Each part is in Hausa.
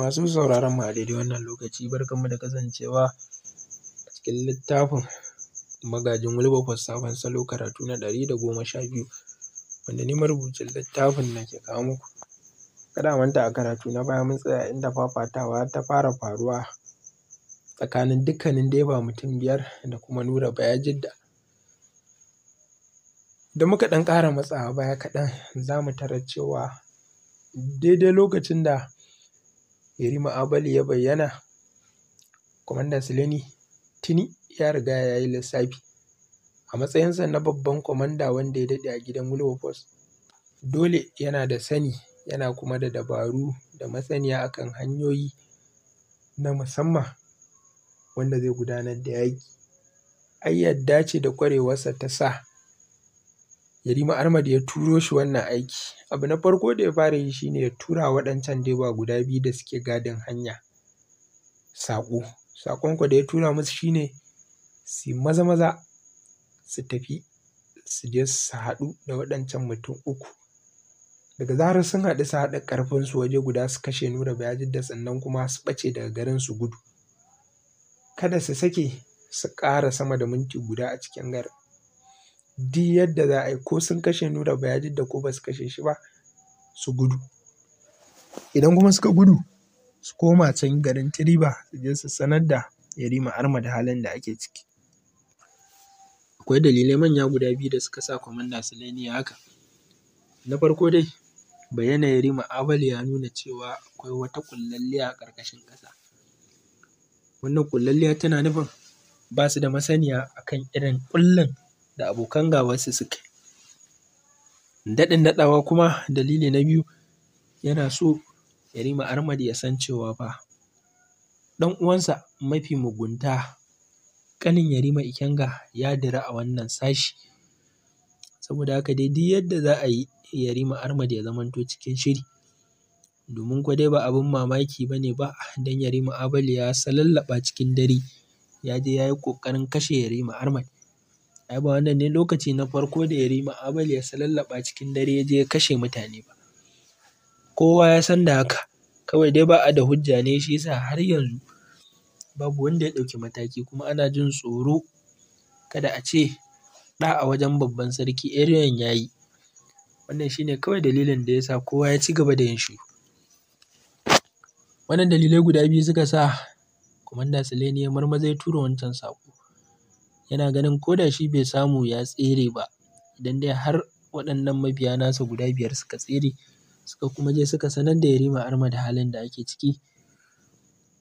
Masu sauraron mu a daidai wannan lokaci barkan mu da kasancewa cikin littafin Magajin Wilberforce sabon salo karatu na ɗari da goma sha biyu wanda ni marubucin littafin nake kawo muku. Kada a manta a karatu na baya mun tsaya inda fafatawa ta fara faruwa tsakanin dukkanin Deba mutum biyar da kuma Nura baya jidda. Idan muka ɗan ƙara matsawa baya kaɗan za mu tarar cewa daidai lokacin da Yerima Abali ya bayyana, Kwamandan Sileni tuni ya riga ya yi lissafi. A matsayinsa na babban kwamanda wanda ya daɗe a gidan Wilberforce, dole yana da sani yana kuma da dabaru da masaniya akan hanyoyi na musamman wanda zai gudanar da yaƙi. Ai yadda ce da ƙwarewarsa ta sa Yarima Ahmad ya turo shi wannan aiki, abu na farko da ya fara yi shi ne ya tura waɗancan direba guda biyu da suke gadin hanya saƙo. Saƙon kuwa da ya tura musu shine su yi maza-maza su tafi su je su haɗu da waɗancan mutum uku. Daga zarar sun haɗu su haɗa ƙarfinsu waje guda su kashe Nura Bayajidda sannan kuma su ɓace daga garin su gudu. Kada su sake su ƙara sama da minti guda a cikin garin. duk yadda za a yi ko sun kashe Nura Bayajidda ko ba su kashe shi ba su gudu. Idan kuma suka gudu su koma can garin Tiriba su je su sanar da Yarima da halin da ake ciki. Akwai dalilai manya guda biyu da suka sa Kwamanda Sulaini haka. Na farko dai bayyana Yarima Ahmad ya nuna cewa akwai wata ƙullalliya ƙarƙashin ƙasa. Wannan ƙullalliya tana nufin ba su da masaniya akan irin ƙullin da abokan gabansu suka Daɗin daɗawa kuma dalili na biyu yana so Yarima Ahmad ya san cewa fa ɗan uwansa mafi mugunta ƙanin Yarima Ikenga ya dira a wannan sashi. Saboda haka dai duk yadda za a yi Yarima Ahmad ya zamanto cikin shiri. Domin kuwa dai ba abin mamaki ba ne ba don Yarima Abalu ya salallaɓa cikin dare ya je ya yi ƙoƙarin kashe Yarima Ahmad. Ai ba wannan ne lokaci na farko da Yarima Abale ya salallaɓa cikin dare ya je ya kashe mutane ba. Kowa ya san da haka, kawai dai ba a da hujja ne shi yasa har yanzu babu wanda ya ɗauki mataki kuma ana jin tsoro kada a ce ɗa a wajen babban sarki Ariyon ya yi. Wannan shi ne kawai dalilin da ya sa kowa ya ci gaba da yin shiru. Wannan dalilai guda biyu suka sa Kwamanda Saleni ya marmaza ya tura wancan saƙo. yana ganin ko da shi bai samu ya tsere ba idan dai har waɗannan mabiya nasa guda biyar suka tsere suka kuma je suka sanar da Yarima Arma da halin da ake ciki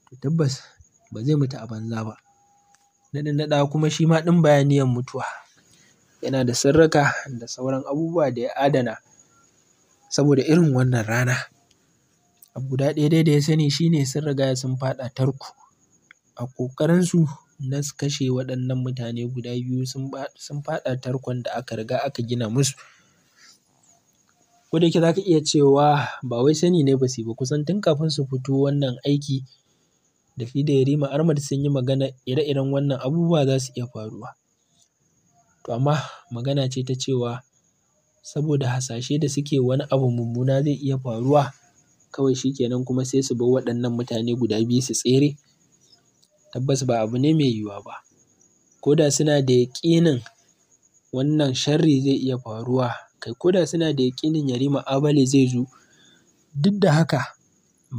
to tabbas ba zai mutu a banza ba. Naɗin naɗa kuma shi ma ɗin bayaniyan mutuwa yana da sirrika da sauran abubuwa da ya adana saboda irin wannan rana. Abu guda ɗaya dai da ya sani shi ne sun riga sun faɗa tarko a ƙoƙarinsu na kashe waɗannan mutane guda biyu sun faɗa tarkon da aka riga aka gina musu. Ko da yake za ka iya cewa ba wai sani ne ba su yi ba kusan tun kafin su fito wannan aiki da da Yarima Ahmad sun yi magana ire-iren wannan abubuwa za su iya faruwa. To amma magana ce ta cewa saboda hasashe da suke wani abu mummuna zai iya faruwa kawai shi kenan kuma sai su bar waɗannan mutane guda biyu su tsere tabbas ba abu ne mai yiwuwa ba ko da suna da yaƙinin wannan sharri zai iya faruwa kai ko da suna da yaƙinin Yarima Abali zai zo duk da haka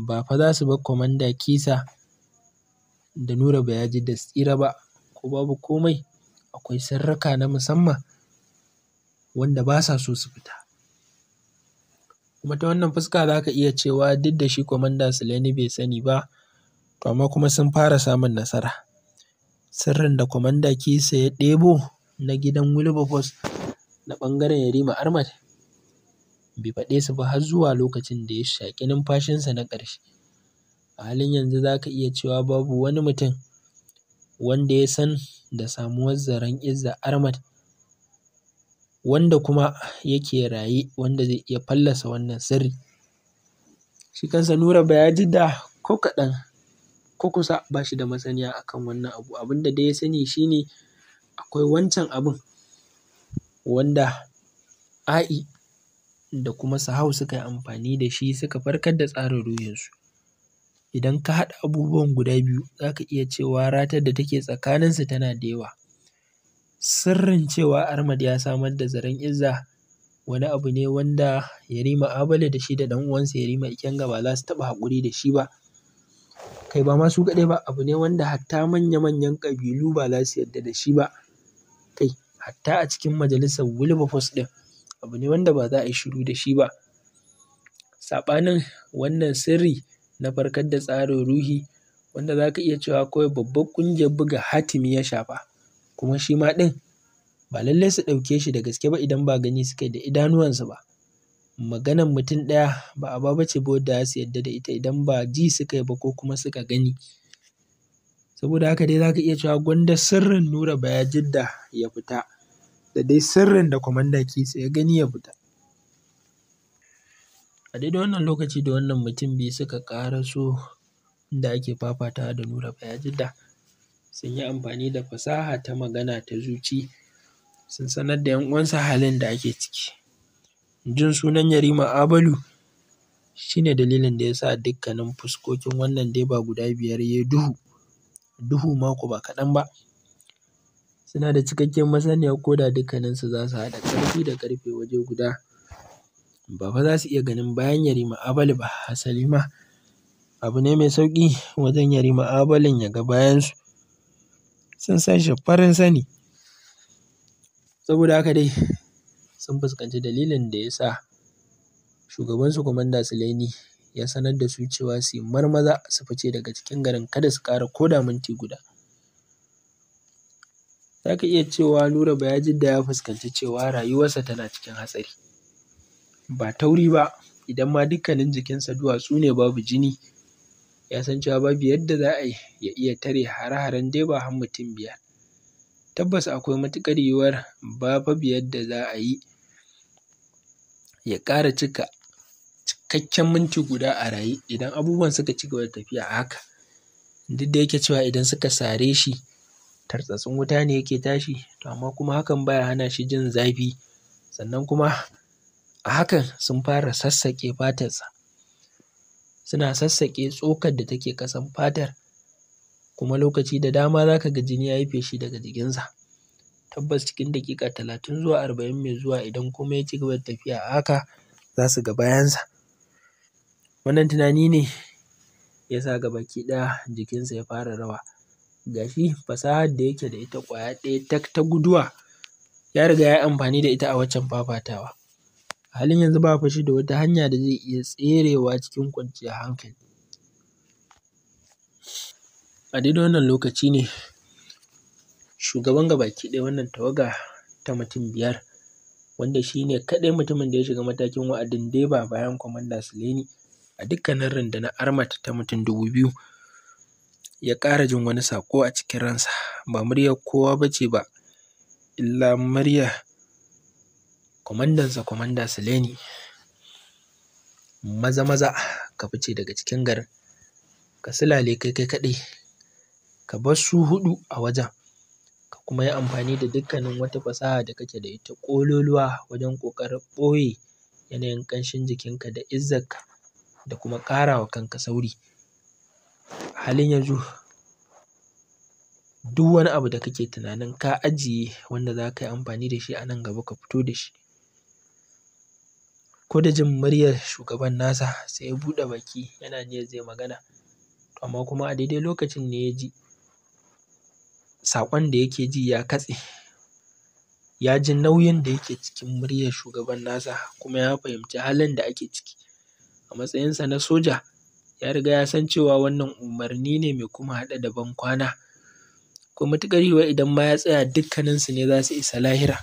ba fa za su bar Kwamanda Kisa da Nura Bayaji da tsira ba ko babu komai akwai sarraka na musamman wanda ba sa so su fita kuma ta wannan fuska za ka iya cewa duk da shi Kwamandan Sulaini bai sani ba To amma kuma sun fara samun nasara. Sirrin da Kwamanda Kisa ya ɗebo na gidan Wilberforce na ɓangaren Yarima armad bai faɗe su ba har zuwa lokacin da ya shaƙi numfashinsa na ƙarshe. A halin yanzu za ka iya cewa babu wani mutum wanda ya san da samuwar zaren Izza armad wanda kuma yake raye wanda zai iya fallasa wannan sirri. Shi kansa Nura Bayajidda ko kaɗan ko kusa ba shi da masaniya a kan wannan abu. Abin da dai ya sani shi ne akwai wancan abin. wanda A'i da kuma Sahau suka yi amfani da shi suka farkar da tsarin ruhinsu. Idan ka haɗa abubuwan guda biyu za ka iya cewa ratar da take tsakaninsu tana da yawa. Sirrin cewa Ahmad ya samar da zaren Izza wani abu ne wanda Yarima abale da shi da ɗan uwansa Yarima Ikenga ba za su taɓa haƙuri da shi ba. kai ba ma su kaɗai ba abu ne wanda hatta manya manyan ƙabilu ba za su yarda da shi ba kai hatta a cikin majalisar Wilberforce ɗin abu ne wanda ba za a yi shiru da shi ba saɓanin wannan sirri na farkar da tsarin ruhi wanda za ka iya cewa kawai babbar ƙungiyar buga hatimi ya shafa kuma shi ma ɗin ba lallai su ɗauke shi da gaske ba idan ba gani suka yi da idanuwansu ba maganan mutum ɗaya ba a ba ba wadda za su yarda da ita idan ba ji suka yi ba ko kuma suka gani. Saboda haka dai za ka iya cewa gwanda sirrin Nura da ya fita da dai sirrin da Kwamanda Kitso ya gani ya fita. A daidai wannan lokaci da wannan mutum biyu suka ƙaraso inda ake fafatawa da Nura da sun yi amfani da fasaha ta magana ta zuci sun sanar da ‘yan uwansa halin da ake ciki. Jin sunan Yarima Abalu shi ne dalilin da ya sa dukkanin fuskokin wannan deba guda biyar ya yi duhu, duhu ma ba kaɗan ba. Suna da cikakken masaniya ko da dukkaninsu za su haɗa ƙarfi da ƙarfe waje guda, ba fa za su iya ganin bayan Yarima Abalu ba, hasali ma abu ne mai sauƙi wajen Yarima Abalun ya ga bayansu. Sun san shi farin sani. Saboda haka dai sun fuskanci dalilin da ya sa shugabansu Kwamanda Suleni ya sanar da su cewa su yi marmaza su fice daga cikin garin kada su ƙara ko da minti guda. Za ka iya cewa Nura Bayajidda ya fuskanci cewa rayuwarsa tana cikin hatsari. Ba tauri ba, idan ma dukkanin jikinsa duwatsu ne babu jini, ya san cewa babu yadda za a yi ya iya tare hare-haren dai ba har mutum biyar. tabbas akwai matuƙar yiwuwar babu yadda za a yi ya ƙara cika cikakken minti guda a raye idan abubuwan suka ci gaba da tafiya a haka. Duk da yake cewa idan suka sare shi tartsatsin wuta ne yake tashi to amma kuma hakan baya hana shi jin zafi sannan kuma a hakan sun fara sassaƙe fatarsa suna sassaƙe tsokar da take ƙasan fatar kuma lokaci da dama za ka ga jini ya yi feshi daga jikinsa. Tabbas cikin daƙiƙa talatin zuwa arba'in mai zuwa idan komai ya ci gaba da tafiya a haka za su ga bayansa. Wannan tunani ne ya sa baki ɗaya jikinsa ya fara rawa. Gashi shi fasahar da yake da ita ƙwaya ɗaya tak ta guduwa ya riga ya yi amfani da ita a waccan fafatawa. A halin yanzu ba fashi da wata hanya da zai iya tserewa cikin kwanciyar hankali. A daidai wannan lokaci ne shugaban gabaki ɗaya wannan tawaga ta mutum biyar wanda shi ne kaɗai mutumin da ya shiga matakin wa'adin Deba bayan Kwamanda Suleini a dukkanin rundunar Armat ta mutum dubu biyu. Ya ƙara jin wani saƙo a cikin ransa, ba muryar kowa ba ce ba, illa muryar kwamandansa Kwamanda Suleini. Maza-maza ka fice daga cikin garin, ka silale kai kai kaɗai. ka bar su huɗu a wajen ka kuma yi amfani da dukkanin wata fasaha da kake da ita ƙololuwa wajen ƙoƙarin ɓoye yanayin ƙanshin jikinka da izzarka da kuma ƙara wa kanka sauri. A halin yanzu duk wani abu da kake tunanin ka ajiye wanda za ka yi amfani da shi a nan gaba ka fito da shi. Ko da jin muryar shugaban nasa sai ya buɗe baki yana niyyar zai magana amma kuma a daidai lokacin ne ya ji saƙon da yake ji ya katse. Ya ji nauyin da yake cikin muryar shugaban nasa kuma ya fahimci halin da ake ciki. A matsayinsa na soja ya riga ya san cewa wannan umarni ne mai kuma haɗe da kwana. Akwai matuƙar yiwuwar idan ma ya tsaya dukkaninsu ne za su isa lahira.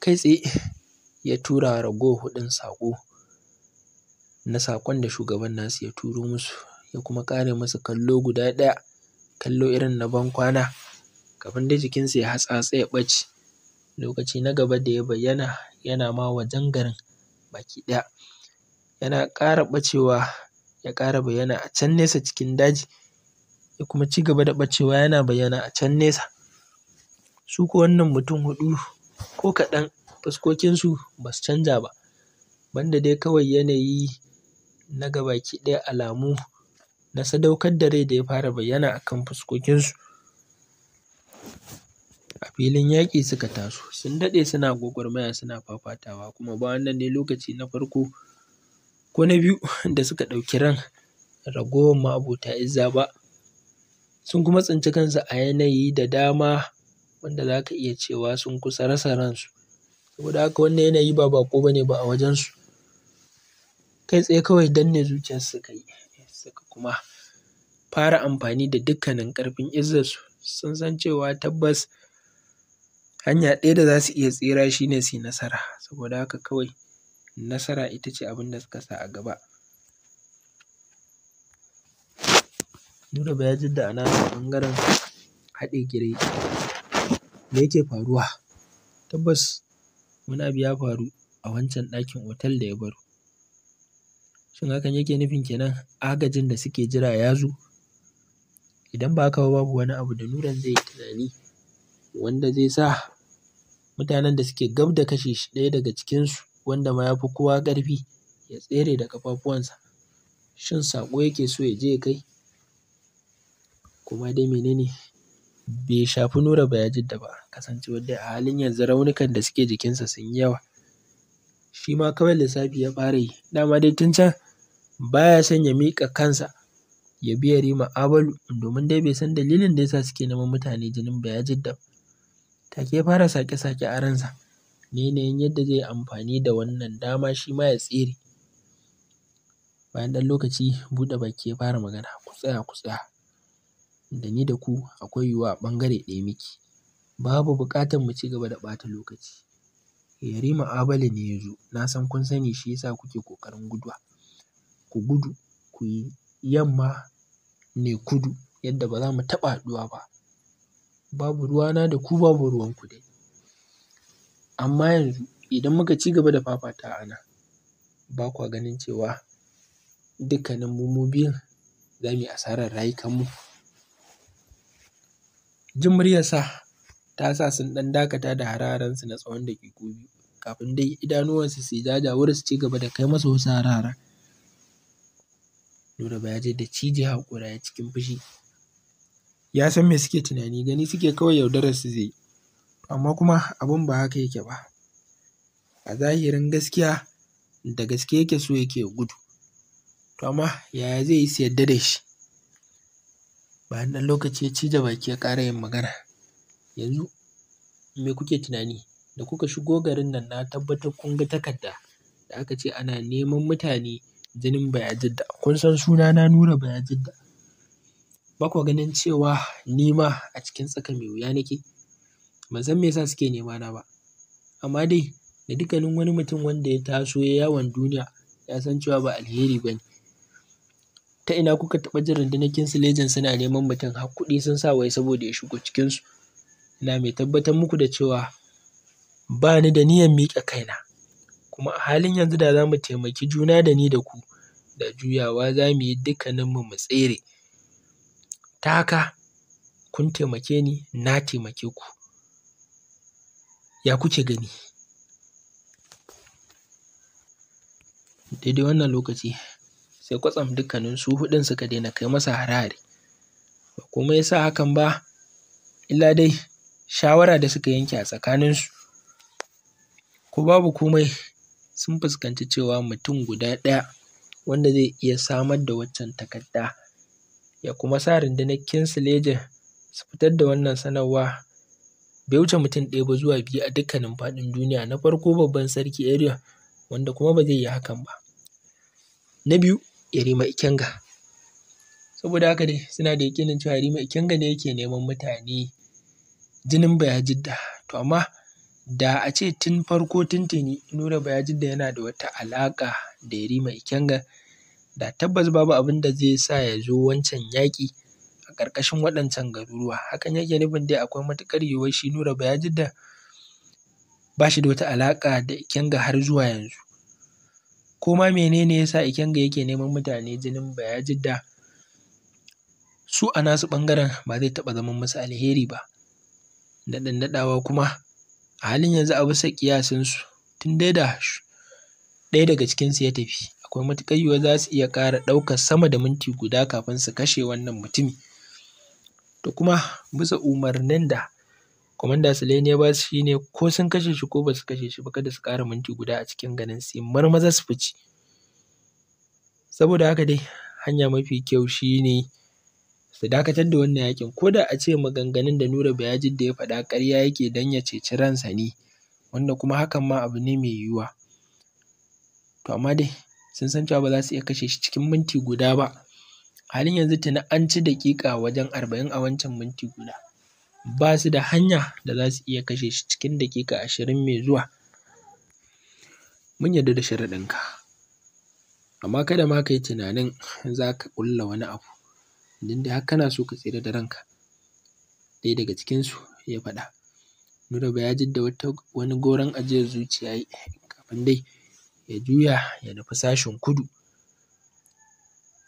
Kai tsaye ya tura wa ragowar huɗun saƙo na saƙon da shugaban nasu ya turo musu ya kuma ƙare musu kallo guda ɗaya kallo irin na ban kwana kafin da jikinsa ya hatsatsa ya ɓace lokaci na gaba da ya bayyana yana ma wajen garin baki ɗaya yana ƙara ɓacewa ya ƙara bayyana a can nesa cikin daji ya kuma ci gaba da ɓacewa yana bayyana a can nesa su ko wannan mutum huɗu ko kaɗan fuskokinsu ba su canja ba banda dai kawai yanayi na gabaki ɗaya alamu na sadaukar da rai da ya fara bayyana a kan fuskokinsu. A filin yaƙi suka taso, sun daɗe suna gwagwarmaya suna fafatawa kuma ba wannan ne lokaci na farko ko na biyu da suka ɗauki ran ragowar ma'abota Izza ba, sun kuma tsinci kansu a yanayi da dama wanda za ka iya cewa sun kusa rasa ransu. Saboda haka wannan yanayi ba baƙo ba ne ba a wajensu, kai tsaye kawai danne zuciyarsu suka yi. suka kuma fara amfani da dukkanin ƙarfin izzarsu sun san cewa tabbas hanya ɗaya da za su iya tsira shi ne su yi nasara saboda haka kawai nasara ita ce abin da suka sa a gaba. Nura ya jidda a nasa ɓangaren haɗe girki. Me yake faruwa? Tabbas wani abu ya faru a wancan ɗakin otal da ya baro. Shin hakan yake nufin kenan agajin da suke jira ya zo? Idan ba haka ba babu wani abu da Nuran zai yi tunani wanda zai sa mutanen da suke gab da kashe shi ɗaya daga cikinsu wanda ma ya fi kowa ƙarfi ya tsere da ƙafafuwansa. Shin saƙo yake so ya je ya kai? Kuma dai menene Bai shafi Nura da ba kasancewar dai a halin yanzu raunukan da suke jikinsa sun yi yawa. Shi ma kawai lissafi ya fara yi, Dama dai tun can baya son ya miƙa kansa ya biya rima Abalu domin dai bai san dalilin da yasa suke neman mutane jinin baya ba. Take fara sake-sake a ransa na yanayin yadda zai yi amfani da wannan dama shi ma ya tsere. Bayan ɗan lokaci buɗe baki ya fara magana, ku tsaya ku tsaya, da ni da ku akwai yiwuwa a ɓangare ɗaya muke, babu buƙatar mu ci gaba da ɓata lokaci. Yarima Abalu ne ya zo, na san kun sani shi yasa kuke ƙoƙarin guduwa. ku gudu ku yi yamma ne kudu yadda ba za mu taɓa haɗuwa ba. Babu ruwana da ku babu ruwanku dai. Amma yanzu idan muka ci gaba da fafatawa nan ba kwa ganin cewa dukkanin mu mu biyun za mu yi asarar rayukanmu. mu. Jin muryarsa ta sa sun ɗan dakata da hare na tsawon daƙiƙu biyu kafin dai idanuwansu su yi wurin su ci gaba da kai masa wasu hare nuna ba ya je da cije haƙura ya cikin fushi ya san me suke tunani gani suke kawai yaudarar su zai amma kuma abin ba haka yake ba a zahirin gaskiya da gaske yake so yake gudu to amma yaya zai yi su yadda da shi bayan ɗan lokaci ya cije baki ya ƙara yin magana yanzu me kuke tunani da kuka shigo garin nan na tabbatar kun ga takarda da aka ce ana neman mutane jinin Bayajidda. Kun san suna na Nura Bayajidda. Ba kwa ganin cewa ni ma a cikin tsaka mai wuya nake? Ban san me yasa suke nema na ba. Amma dai da dukkanin wani mutum wanda ya taso ya yawan yawon duniya ya san cewa ba alheri ba ne. Ta ina kuka taɓa jin su lejin suna neman mutum har kuɗi sun sa wai saboda ya shigo cikinsu? Ina mai tabbatar muku da cewa ba ni da niyyar miƙa kaina. Kuma a halin yanzu da za mu taimaki juna da ni da ku, da juyawa za mu yi dukkaninmu mu tsere. Ta haka kun taimake ni, na taimake ku. Ya kuke gani? Daidai wannan lokaci sai kwatsam dukkanin su huɗun suka daina kai masa hare Ba komai ya sa hakan ba illa dai shawara da suka yanke a tsakaninsu. Ko babu komai sun fuskanci cewa mutum guda ɗaya wanda zai iya samar da waccan takarda ya kuma sa rundunar Kinsilejin su fitar da wannan sanarwa bai wuce mutum ɗaya ba zuwa biyu a dukkanin faɗin duniya na farko babban sarki Ariel wanda kuma ba zai yi hakan ba na biyu Yarima Ikenga saboda haka dai suna da yaƙinin cewa Yarima Ikenga ne yake neman mutane jinin Bayajidda to amma Da a ce tun farko tuntuni Nura da yana da wata alaƙa da Yarima Ikenga, da tabbas babu abin da zai sa ya zo wancan yaƙi a ƙarƙashin waɗancan garuruwa. Hakan yake nufin dai akwai matuƙar yiwuwar shi Nura da ba shi da wata alaƙa da Ikenga har zuwa yanzu. Ko ma mene ne ya sa Ikenga yake neman mutane jinin da su a nasu ɓangaren ba zai taɓa zaman musu alheri ba. ɗan daɗawa kuma a halin yanzu a bisa su tun dai da ɗaya daga cikin su ya tafi akwai matuƙar yiwuwar za su iya ƙara ɗaukar sama da minti guda kafin su kashe wannan mutumi to kuma bisa umarnin da kwamanda Sulaini ya ba su shine ko sun kashe shi ko ba su kashe shi ba kada su ƙara minti guda a cikin garin su maza su fice saboda haka dai hanya mafi kyau shine su dakatar da wannan yaƙin ko da a ce maganganun da Nura da ya faɗa ƙarya yake don ya ceci ransa ne wanda kuma hakan ma abu ne mai yiwuwa to amma dai sun san cewa ba za su iya kashe shi cikin minti guda ba halin yanzu tuni an ci daƙiƙa wajen arba'in a wancan minti guda ba su da hanya da za su iya kashe shi cikin daƙiƙa ashirin mai zuwa mun yarda da sharaɗinka amma kada ma ka yi tunanin za ka ƙulla wani abu idan dai har kana so ka tsira da ranka. Ɗaya daga cikinsu ya faɗa. Nuraba ya jidda wata wani goron ajiyar zuciya kafin dai ya juya ya nufi sashin kudu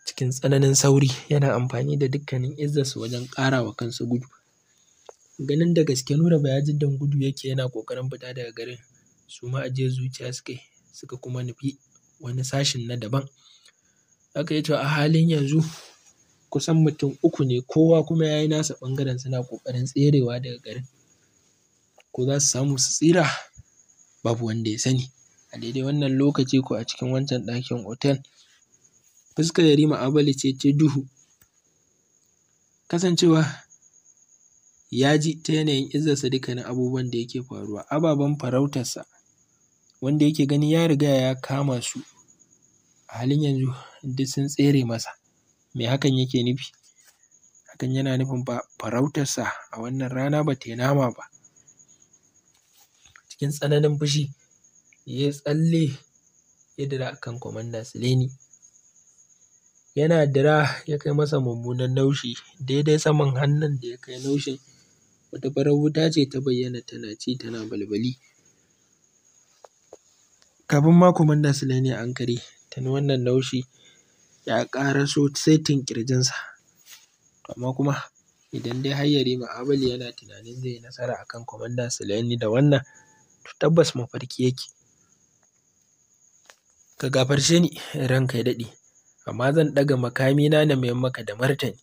cikin tsananin sauri yana amfani da dukkanin izzarsa wajen ƙara wa kansa gudu. Ganin da gaske Nuraba ya gudu yake yana ƙoƙarin fita daga garin su ma ajiyar zuciya suka yi suka kuma nufi wani sashin na daban. aka yi to a halin yanzu kusan mutum uku ne kowa kuma ya yi nasa ɓangaren suna ƙoƙarin tserewa daga garin ko za su samu su tsira babu wanda ya sani a daidai wannan lokaci ko a cikin wancan ɗakin otal. fuskar Yarima Abale ce ta duhu kasancewa ya ji ta yanayin izzarsa dukkanin abubuwan da yake faruwa ababen farautarsa wanda yake gani ya riga ya kama su a halin yanzu duk sun tsere masa Me hakan yake nufi? Hakan yana nufin ba farautarsa a wannan rana ba tai nama ba. Cikin tsananin fushi ya tsalle ya dira a kan Kwamandan Sileni, yana dira ya kai masa mummunan naushi daidai saman hannun da ya kai naushin wata farar wuta ce ta bayyana tana ci tana balbali. Kafin ma Kwamandan Sileni ya ankare ta wannan naushi ya ƙaraso saitin ƙirjinsa. Amma kuma idan dai har Yarima Abali yana tunanin zai yi nasara a kan Kwamanda da wannan to tabbas mafarki yake. Ka gafarce ni ranka ya daɗe, amma zan ɗaga makamina na mayar maka da martani.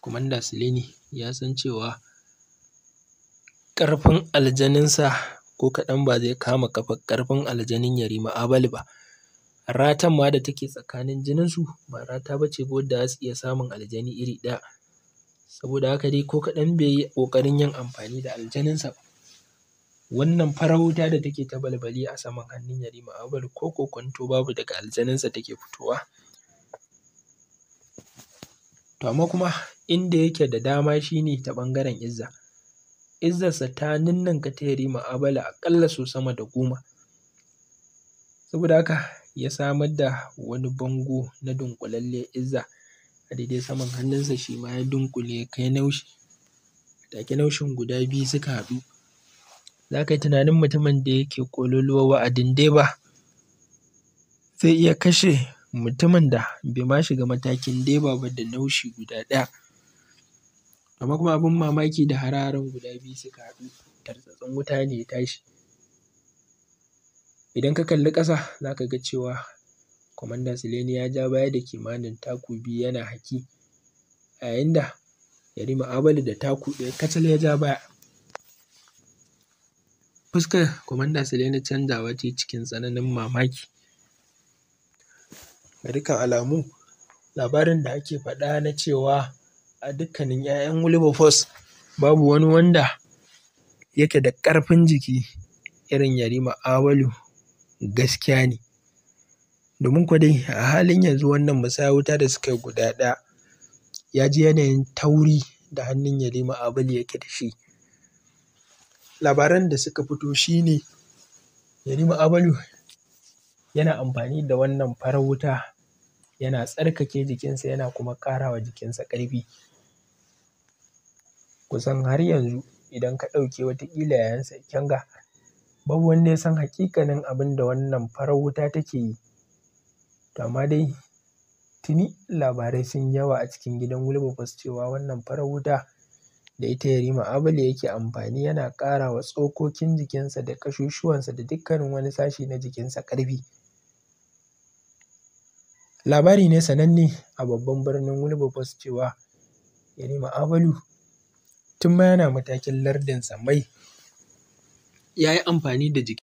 Commander Suleini ya san cewa ƙarfin aljaninsa ko kaɗan ba zai kama ƙarfin aljanin Yarima Abali ba. ratan ma da take tsakanin jininsu ba rata ba ce wadda za su iya samun aljani iri ɗaya saboda haka dai ko kaɗan bai yi ƙoƙarin yin amfani da aljaninsa ba wannan farar wuta da take ta balbali a saman hannun Yarima Awal ko kokonto babu daga aljaninsa take fitowa to amma kuma inda yake da dama shine ta ɓangaren Izza sa ta ninninka ta Yarima a aƙalla sau sama da goma saboda haka ya samar da wani bango na dunƙulalliyar izza a daidai saman hannunsa shi ma ya dunƙule ya kai naushi take naushin guda biyu suka haɗu za ka yi tunanin mutumin da yake ƙololuwar wa'adin Deba zai iya kashe mutumin da bai ma shiga matakin Deba ba da naushi guda ɗaya amma kuma abin mamaki da hare-haren guda biyu suka haɗu tartsatsin wuta ne ya tashi Idan ka kalli ƙasa za ka ga cewa kwamandan Suleini ya ja baya da kimanin taku biyu yana haki yayin da Yarima Abalu da taku ɗaya kacal ya ja baya. Fuskar kwamandan Suleini canzawa ce cikin tsananin mamaki. Ga dukkan alamu labarin da ake faɗa na cewa a dukkanin ‘ya'yan Wilberforce babu wani wanda yake da ƙarfin jiki irin Yarima Abalu. gaskiya ne. Domin kuwa dai a halin yanzu wannan musayar wuta da suka yi guda ɗaya ya ji yanayin tauri da hannun Yarima Abali yake da shi. Labaran da suka fito shi ne Yarima Abalu yana amfani da wannan farar wuta yana tsarkake jikinsa yana kuma ƙara wa jikinsa ƙarfi. Kusan har yanzu idan ka ɗauke wataƙila yayansa Ikenga babu wanda ya san haƙiƙanin abin da wannan farar wuta take yi. To amma dai tuni labarai sun yi yawa a cikin gidan Wilberforce cewa wannan farar wuta da ita Yarima Abalu yake amfani yana ƙara wa tsokokin jikinsa da ƙasusuwansa da dukkanin wani sashi na jikinsa ƙarfi. Labari ne sananne a babban birnin Wilberforce cewa Yarima Abalu tun ma yana matakin lardin mai. ya yi amfani da jiki.